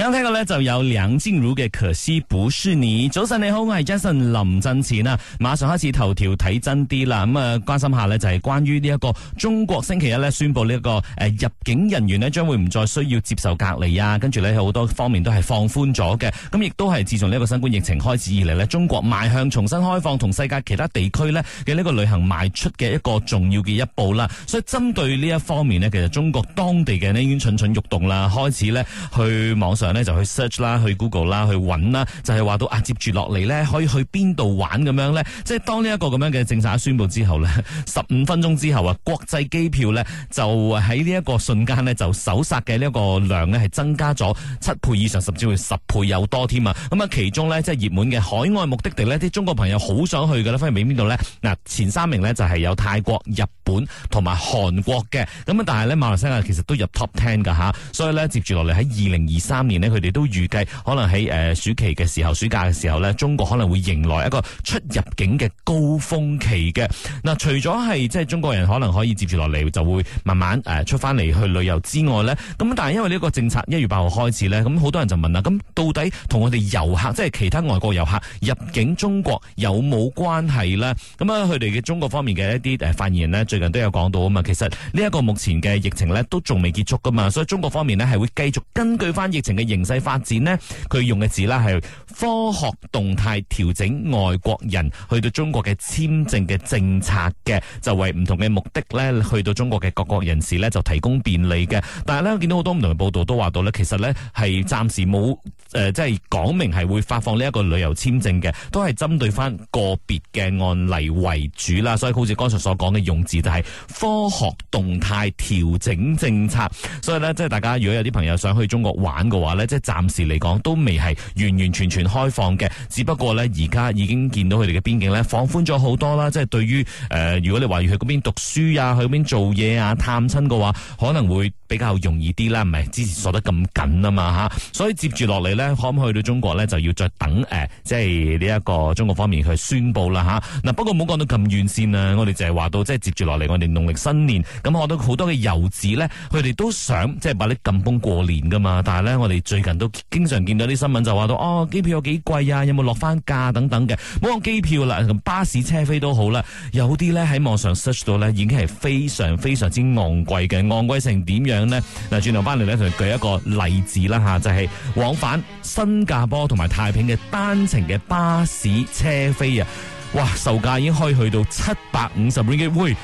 啱聽嘅就有梁靜茹嘅可惜不是你。早晨你好，我係 Jason 林振前啊！馬上開始頭條睇真啲啦。咁、嗯、啊，關心下呢，就係、是、關於呢一個中國星期一呢，宣布呢、這、一個誒、呃、入境人員呢，將會唔再需要接受隔離啊，跟住呢，好多方面都係放寬咗嘅。咁、嗯、亦都係自從呢一個新冠疫情開始以嚟呢，中國邁向重新開放同世界其他地區呢嘅呢個旅行邁出嘅一個重要嘅一步啦。所以針對呢一方面呢，其實中國當地嘅呢已經蠢蠢欲動啦，開始呢去網上。就去 search 啦，去 Google 啦，去揾啦，就係話到啊，接住落嚟咧可以去邊度玩咁樣咧？即係當呢一個咁樣嘅政策宣布之後咧，十五分鐘之後啊，國際機票咧就喺呢一個瞬間咧就搜殺嘅呢一個量咧係增加咗七倍以上，甚至乎十倍有多添啊！咁啊，其中咧即係熱門嘅海外目的地咧，啲中國朋友好想去㗎啦，分別邊度咧？嗱，前三名咧就係有泰國、日本同埋韓國嘅，咁啊，但係咧馬來西亞其實都入 top ten 㗎吓，所以咧接住落嚟喺二零二三年。佢哋都預計可能喺誒暑期嘅時候，暑假嘅時候呢，中國可能會迎來一個出入境嘅高峰期嘅。嗱，除咗係即係中國人可能可以接住落嚟就會慢慢誒出翻嚟去旅遊之外呢，咁但係因為呢個政策一月八號開始呢，咁好多人就問啦，「咁到底同我哋遊客即係、就是、其他外國遊客入境中國有冇關係呢？」咁啊，佢哋嘅中國方面嘅一啲誒發言呢，最近都有講到啊嘛。其實呢一個目前嘅疫情呢，都仲未結束噶嘛，所以中國方面呢，係會繼續根據翻疫情嘅。形勢發展呢，佢用嘅字啦係科學動態調整外國人去到中國嘅簽證嘅政策嘅，就為唔同嘅目的呢，去到中國嘅各國人士呢，就提供便利嘅。但係我見到好多唔同嘅報道都話到，其實呢係暫時冇誒、呃，即係講明係會發放呢一個旅遊簽證嘅，都係針對翻個別嘅案例為主啦。所以好似剛才所講嘅用字就係科學動態調整政策。所以呢，即係大家如果有啲朋友想去中國玩嘅話即係暫時嚟講都未係完完全全開放嘅，只不過咧而家已經見到佢哋嘅邊境咧放寬咗好多啦，即係對於誒、呃，如果你話要去嗰邊讀書啊，去嗰邊做嘢啊，探親嘅話，可能會比較容易啲啦，唔係之前鎖得咁緊啊嘛吓、啊，所以接住落嚟咧，可唔可以去到中國咧，就要再等誒、呃，即係呢一個中國方面去宣布啦吓。嗱、啊啊，不過唔好講到咁遠先啊，我哋就係話到即係接住落嚟，我哋農曆新年咁，我哋好多嘅遊子咧，佢哋都想即係話你金豐過年噶嘛，但係咧我哋。最近都經常見到啲新聞就話到哦，機票有幾貴啊？有冇落翻價等等嘅？冇講機票啦，巴士車飛都好啦。有啲咧喺網上 search 到咧，已經係非常非常之昂貴嘅。昂貴成點樣呢？嗱，轉頭翻嚟咧，就舉一個例子啦吓、啊，就係、是、往返新加坡同埋太平嘅單程嘅巴士車飛啊！哇，售價已經開去到七百五十蚊一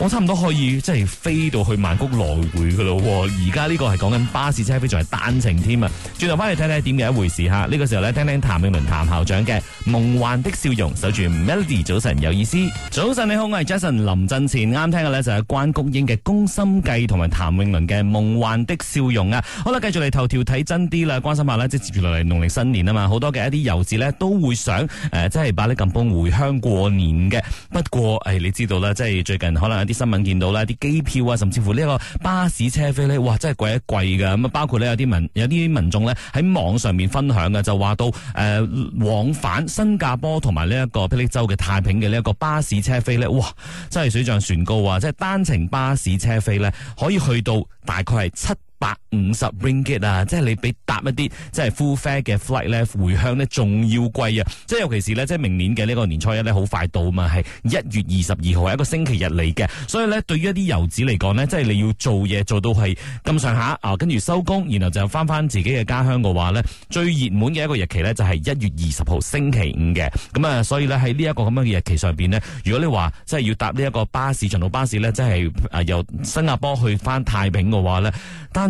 我差唔多可以即係飛到去曼谷來回噶咯、啊，而家呢個係講緊巴士車飛仲係單程添啊！轉頭翻嚟睇睇點嘅一回事吓，呢、這個時候呢，聽聽譚詠麟譚校長嘅《夢幻的笑容》，守住 Melody 早晨有意思，早晨你好，我係 Jason 林振前，啱聽嘅呢，就係、是、關菊英嘅《宮心計》同埋譚詠麟嘅《夢幻的笑容》啊！好啦，繼續嚟頭條睇真啲啦，關心下呢，即係接落嚟農曆新年啊嘛，好多嘅一啲遊子呢都會想誒，即係擺啲金回鄉過年嘅。不過誒、哎，你知道啦，即係最近可能。啲新聞見到啦，啲機票啊，甚至乎呢一個巴士車飛呢，哇，真係貴一貴㗎。咁啊，包括呢，有啲民有啲民眾呢，喺網上面分享嘅，就話到誒、呃、往返新加坡同埋呢一個霹靂州嘅太平嘅呢一個巴士車飛呢，哇，真係水漲船高啊！即係單程巴士車飛呢，可以去到大概係七百五十 ringgit 啊，即係你比搭一啲即係 full fare 嘅 flight 咧，回鄉咧，仲要貴啊！即係尤其是咧，即係明年嘅呢個年初一咧，好快到啊嘛，係一月二十二號係一個星期日嚟嘅，所以咧，對於一啲遊子嚟講咧，即係你要做嘢做到係咁上下啊，跟住收工，然後就翻翻自己嘅家鄉嘅話咧，最熱門嘅一個日期咧，就係一月二十號星期五嘅，咁啊，所以咧，喺呢一個咁樣嘅日期上邊咧，如果你話即係要搭呢一個巴士長途巴士咧，即係由新加坡去翻太平嘅話咧，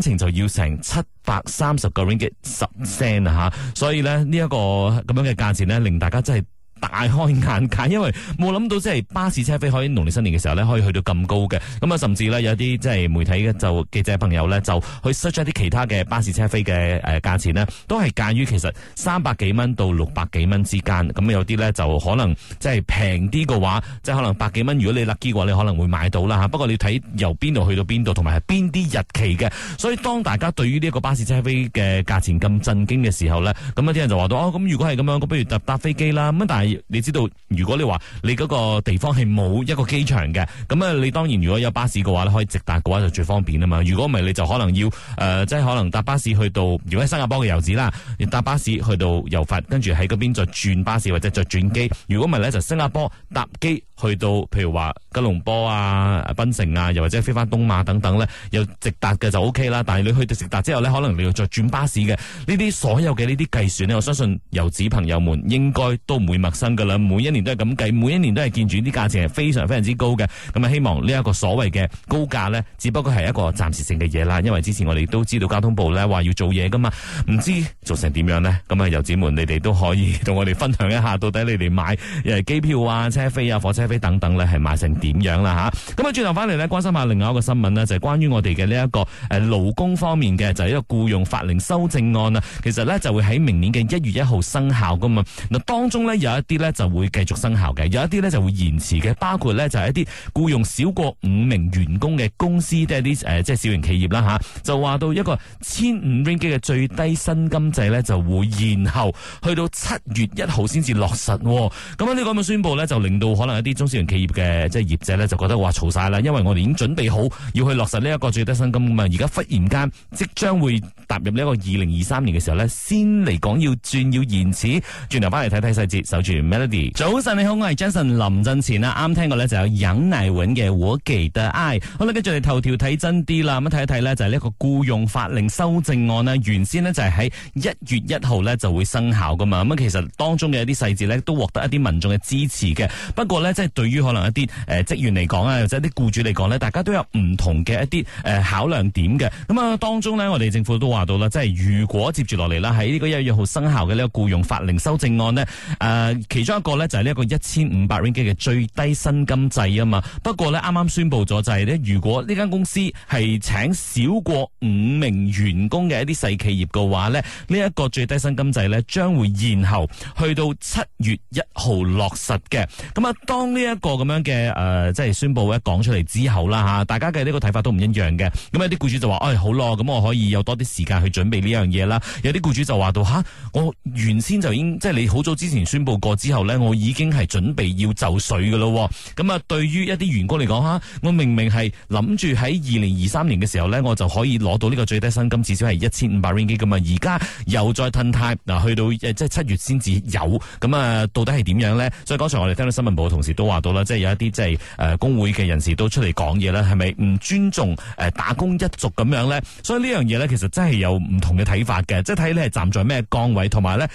程就要成七百三十個 ring 嘅十 cents 吓，所以咧呢一個咁樣嘅價錢咧，令大家真係，大開眼界，因為冇諗到即係巴士車飛可以農曆新年嘅時候呢，可以去到咁高嘅。咁啊，甚至呢，有啲即係媒體嘅就記者朋友呢，就去 search 一啲其他嘅巴士車飛嘅誒、呃、價錢呢都係介於其實三百幾蚊到六百幾蚊之間。咁有啲呢，就可能即係平啲嘅話，即係可能百幾蚊。如果你甩機嘅話，你可能會買到啦嚇，不過你睇由邊度去到邊度，同埋係邊啲日期嘅。所以當大家對於呢個巴士車飛嘅價錢咁震驚嘅時候呢，咁一啲人就話到哦，咁如果係咁樣，不如搭搭飛機啦。咁但係你知道，如果你話你嗰個地方係冇一個機場嘅，咁啊，你當然如果有巴士嘅話咧，可以直達嘅話就最方便啊嘛。如果唔係，你就可能要誒、呃，即係可能搭巴士去到，如果喺新加坡嘅遊子啦，搭巴士去到柔佛，跟住喺嗰邊再轉巴士或者再轉機。如果唔係咧，就新加坡搭機。去到譬如話吉隆坡啊、檳城啊，又或者飛翻東馬等等咧，有直達嘅就 O K 啦。但係你去到直達之後咧，可能你要再轉巴士嘅。呢啲所有嘅呢啲計算咧，我相信遊子朋友們應該都唔會陌生噶啦。每一年都係咁計，每一年都係見住啲價錢係非常非常之高嘅。咁啊，希望呢一個所謂嘅高價咧，只不過係一個暫時性嘅嘢啦。因為之前我哋都知道交通部咧話要做嘢噶嘛，唔知做成點樣咧。咁啊，遊子們你哋都可以同我哋分享一下，到底你哋買誒機票啊、車飛啊、火車等等咧，係賣成點樣啦吓？咁啊，轉頭翻嚟呢，關心下另外一個新聞呢，就係關於我哋嘅呢一個誒勞工方面嘅，就係一個雇傭法令修正案啊。其實呢，就會喺明年嘅一月一號生效噶嘛。嗱，當中呢，有一啲呢就會繼續生效嘅，有一啲呢就會延遲嘅，包括呢就係一啲雇傭少過五名員工嘅公司，即係啲誒即係小型企業啦吓。就話到一個千五令吉嘅最低薪金制呢，就會延後去到七月一號先至落實。咁喺呢個咁嘅宣布呢，就令到可能一啲。中小型企業嘅即係業者咧，就覺得哇，嘈晒啦，因為我哋已經準備好要去落實呢一個最低薪金噶嘛，而家忽然間即將會踏入呢個二零二三年嘅時候咧，先嚟講要轉要延遲，轉頭翻嚟睇睇細節，守住 Melody。早晨你好，我係 Jason 林振前啊，啱聽過咧，就有尹藝韻嘅我記得 I。好啦，跟住嚟頭條睇真啲啦，咁睇一睇呢，就係呢個僱傭法令修正案啦，原先呢，就係喺一月一號呢就會生效噶嘛，咁其實當中嘅一啲細節呢，都獲得一啲民眾嘅支持嘅，不過呢，即對於可能一啲誒職員嚟講啊，或者啲僱主嚟講呢，大家都有唔同嘅一啲誒考量點嘅。咁啊，當中呢，我哋政府都話到啦，即係如果接住落嚟啦，喺呢個一月一號生效嘅呢個僱用法令修正案呢，誒，其中一個呢，就係呢一個一千五百令吉嘅最低薪金制啊嘛。不過呢，啱啱宣布咗就係、是、呢：如果呢間公司係請少過五名員工嘅一啲細企業嘅話呢，呢、這、一個最低薪金制呢，將會延後去到七月一號落實嘅。咁啊，當呢、這、一個咁樣嘅誒、呃，即係宣布一講出嚟之後啦吓，大家嘅呢個睇法都唔一樣嘅。咁有啲僱主就話、哎，好咯，咁我可以有多啲時間去準備呢樣嘢啦。有啲僱主就話到，吓，我原先就已經即係你好早之前宣布過之後呢，我已經係準備要就緒噶咯。咁啊，對於一啲員工嚟講吓，我明明係諗住喺二零二三年嘅時候呢，我就可以攞到呢個最低薪金，至少係一千五百 ringgit。而家又再 tune up 嗱，去到即係七月先至有。咁啊，到底係點樣咧？所以剛才我哋聽到新聞部同事都。話到啦，即係有一啲即係誒工會嘅人士都出嚟講嘢咧，係咪唔尊重誒打工一族咁樣咧？所以呢樣嘢咧，其實真係有唔同嘅睇法嘅，即係睇你係站在咩崗位，同埋咧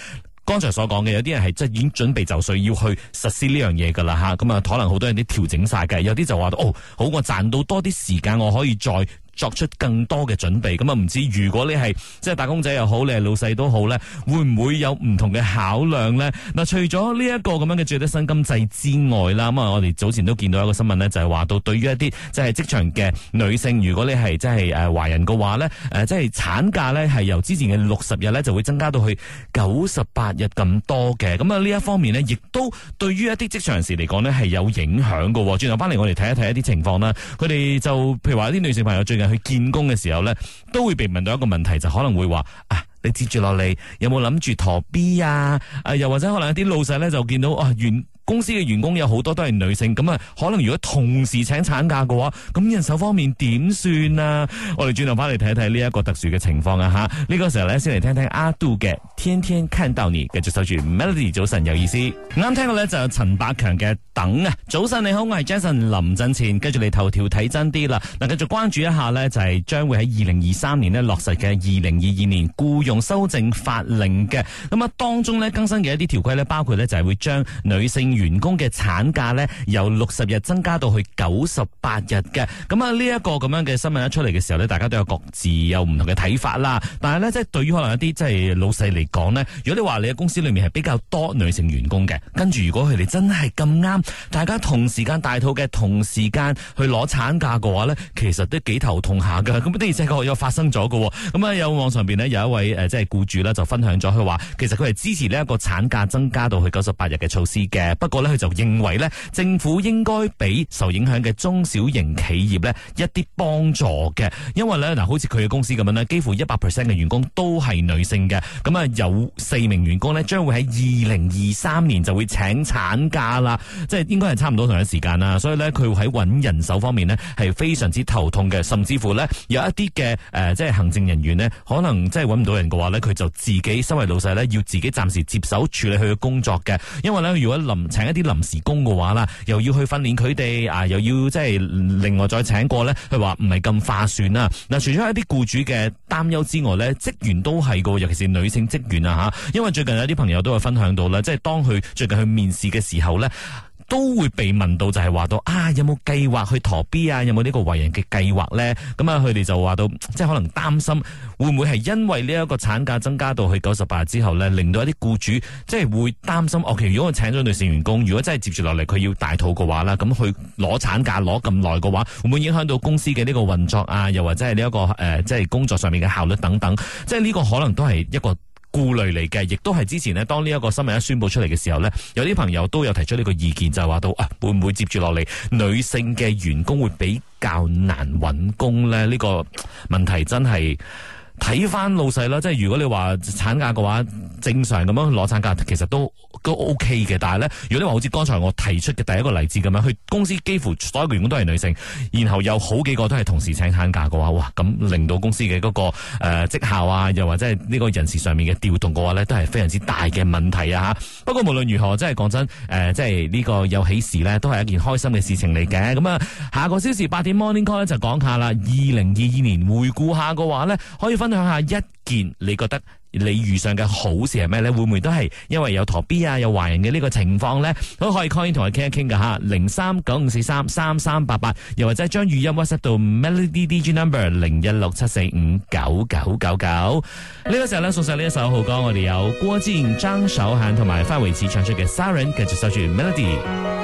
剛才所講嘅，有啲人係即係已經準備就緒要去實施呢樣嘢噶啦吓，咁啊可能好多人都調整晒嘅，有啲就話，哦，好，我賺到多啲時間，我可以再作出更多嘅準備，咁啊唔知如果你係即係打工仔又好，你係老細都好咧，會唔會有唔同嘅考量呢？嗱，除咗呢一個咁樣嘅最低薪金制之外啦，咁啊我哋早前都見到一個新聞呢，就係話到對於一啲即係職場嘅女性，如果你係即係誒懷孕嘅話呢，誒即係產假呢，係由之前嘅六十日呢就會增加到去九十八日咁多嘅。咁啊呢一方面呢，亦都對於一啲職場人士嚟講呢，係有影響喎。轉頭翻嚟，我哋睇一睇一啲情況啦。佢哋就譬如話啲女性朋友最近。去見工嘅時候咧，都會被問到一個問題，就可能會話：啊，你接住落嚟有冇諗住駝 B 啊？啊又或者可能有啲老細咧就見到啊，原。公司嘅員工有好多都係女性，咁啊，可能如果同時請產假嘅話，咁人手方面點算啊？我哋轉頭翻嚟睇一睇呢一個特殊嘅情況啊！嚇，呢、這個時候咧，先嚟聽聽阿杜嘅《天天看到你》，繼續守住 Melody 早晨有意思。啱聽過咧就是、有陳百強嘅《等》啊！早晨你好，我係 Jason 林振前，繼續嚟頭條睇真啲啦。嗱，繼續關注一下呢，就係、是、將會喺二零二三年呢落實嘅二零二二年僱用修正法令嘅咁啊，當中呢，更新嘅一啲條規呢，包括呢，就係、是、會將女性員工嘅產假咧由六十日增加到去九十八日嘅，咁啊呢一個咁樣嘅新聞一出嚟嘅時候咧，大家都有各自有唔同嘅睇法啦。但係呢，即係對於可能一啲即係老細嚟講呢，如果你話你嘅公司裏面係比較多女性員工嘅，跟住如果佢哋真係咁啱，大家同時間大肚嘅，同時間去攞產假嘅話呢，其實都幾頭痛下㗎。咁的而且確又發生咗㗎，咁啊有網上邊呢，有一位即係僱主呢，就分享咗佢話，其實佢係支持呢一個產假增加到去九十八日嘅措施嘅。不過咧，佢就認為咧，政府應該俾受影響嘅中小型企業咧一啲幫助嘅，因為咧嗱，好似佢嘅公司咁樣咧，幾乎一百 percent 嘅員工都係女性嘅，咁啊有四名員工咧將會喺二零二三年就會請產假啦，即係應該係差唔多同一時間啦，所以咧佢會喺搵人手方面呢係非常之頭痛嘅，甚至乎呢有一啲嘅誒即係行政人員呢，可能即係搵唔到人嘅話咧，佢就自己身為老細咧，要自己暫時接手處理佢嘅工作嘅，因為咧如果臨請一啲臨時工嘅話啦，又要去訓練佢哋啊，又要即係、就是、另外再請過呢，佢話唔係咁划算啊。嗱、啊，除咗一啲僱主嘅擔憂之外呢，職員都係噶，尤其是女性職員啊吓，因為最近有啲朋友都有分享到啦、啊，即係當佢最近去面試嘅時候呢。都會被問到,就到，就係話到啊，有冇計劃去陀 B 啊？有冇呢個為人嘅計劃呢？咁、嗯、啊，佢哋就話到，即係可能擔心會唔會係因為呢一個產假增加到去九十八日之後呢，令到一啲雇主即係會擔心哦。其、OK, 實如果我請咗女性員工，如果真係接住落嚟佢要大肚嘅話啦，咁去攞產假攞咁耐嘅話，會唔會影響到公司嘅呢個運作啊？又或者係呢一個誒、呃，即係工作上面嘅效率等等，即係呢個可能都係一個。顧慮嚟嘅，亦都係之前呢，當呢一個新聞一宣布出嚟嘅時候呢，有啲朋友都有提出呢個意見，就係話到啊，會唔會接住落嚟女性嘅員工會比較難揾工呢？呢、呢個問題真係。睇翻老細啦，即係如果你話產假嘅話，正常咁樣攞產假其實都都 OK 嘅。但係咧，如果你話好似剛才我提出嘅第一個例子咁樣，佢公司幾乎所有員工都係女性，然後有好幾個都係同時請產假嘅話，哇，咁令到公司嘅嗰、那個誒績效啊，又或者係呢個人事上面嘅調動嘅話呢，都係非常之大嘅問題啊！吓，不過無論如何，即係講真，誒、呃，即係呢個有喜事呢，都係一件開心嘅事情嚟嘅。咁、嗯、啊，下個小時八點 Morning Call 呢就講下啦，二零二二年回顧下嘅話呢，可以分。講下一件你覺得你遇上嘅好事係咩咧？會唔會都係因為有陀 B 啊，有懷孕嘅呢個情況咧？都可以 call in 同我傾一傾噶吓，零三九五四三三三八八，又或者係將語音 WhatsApp 到 Melody DJ Number 零一六七四五九九九九。呢、這個時候咧，送上呢一首好歌，我哋有郭靜、張韶涵同埋范瑋琪唱出嘅 Siren 繼續收住 Melody。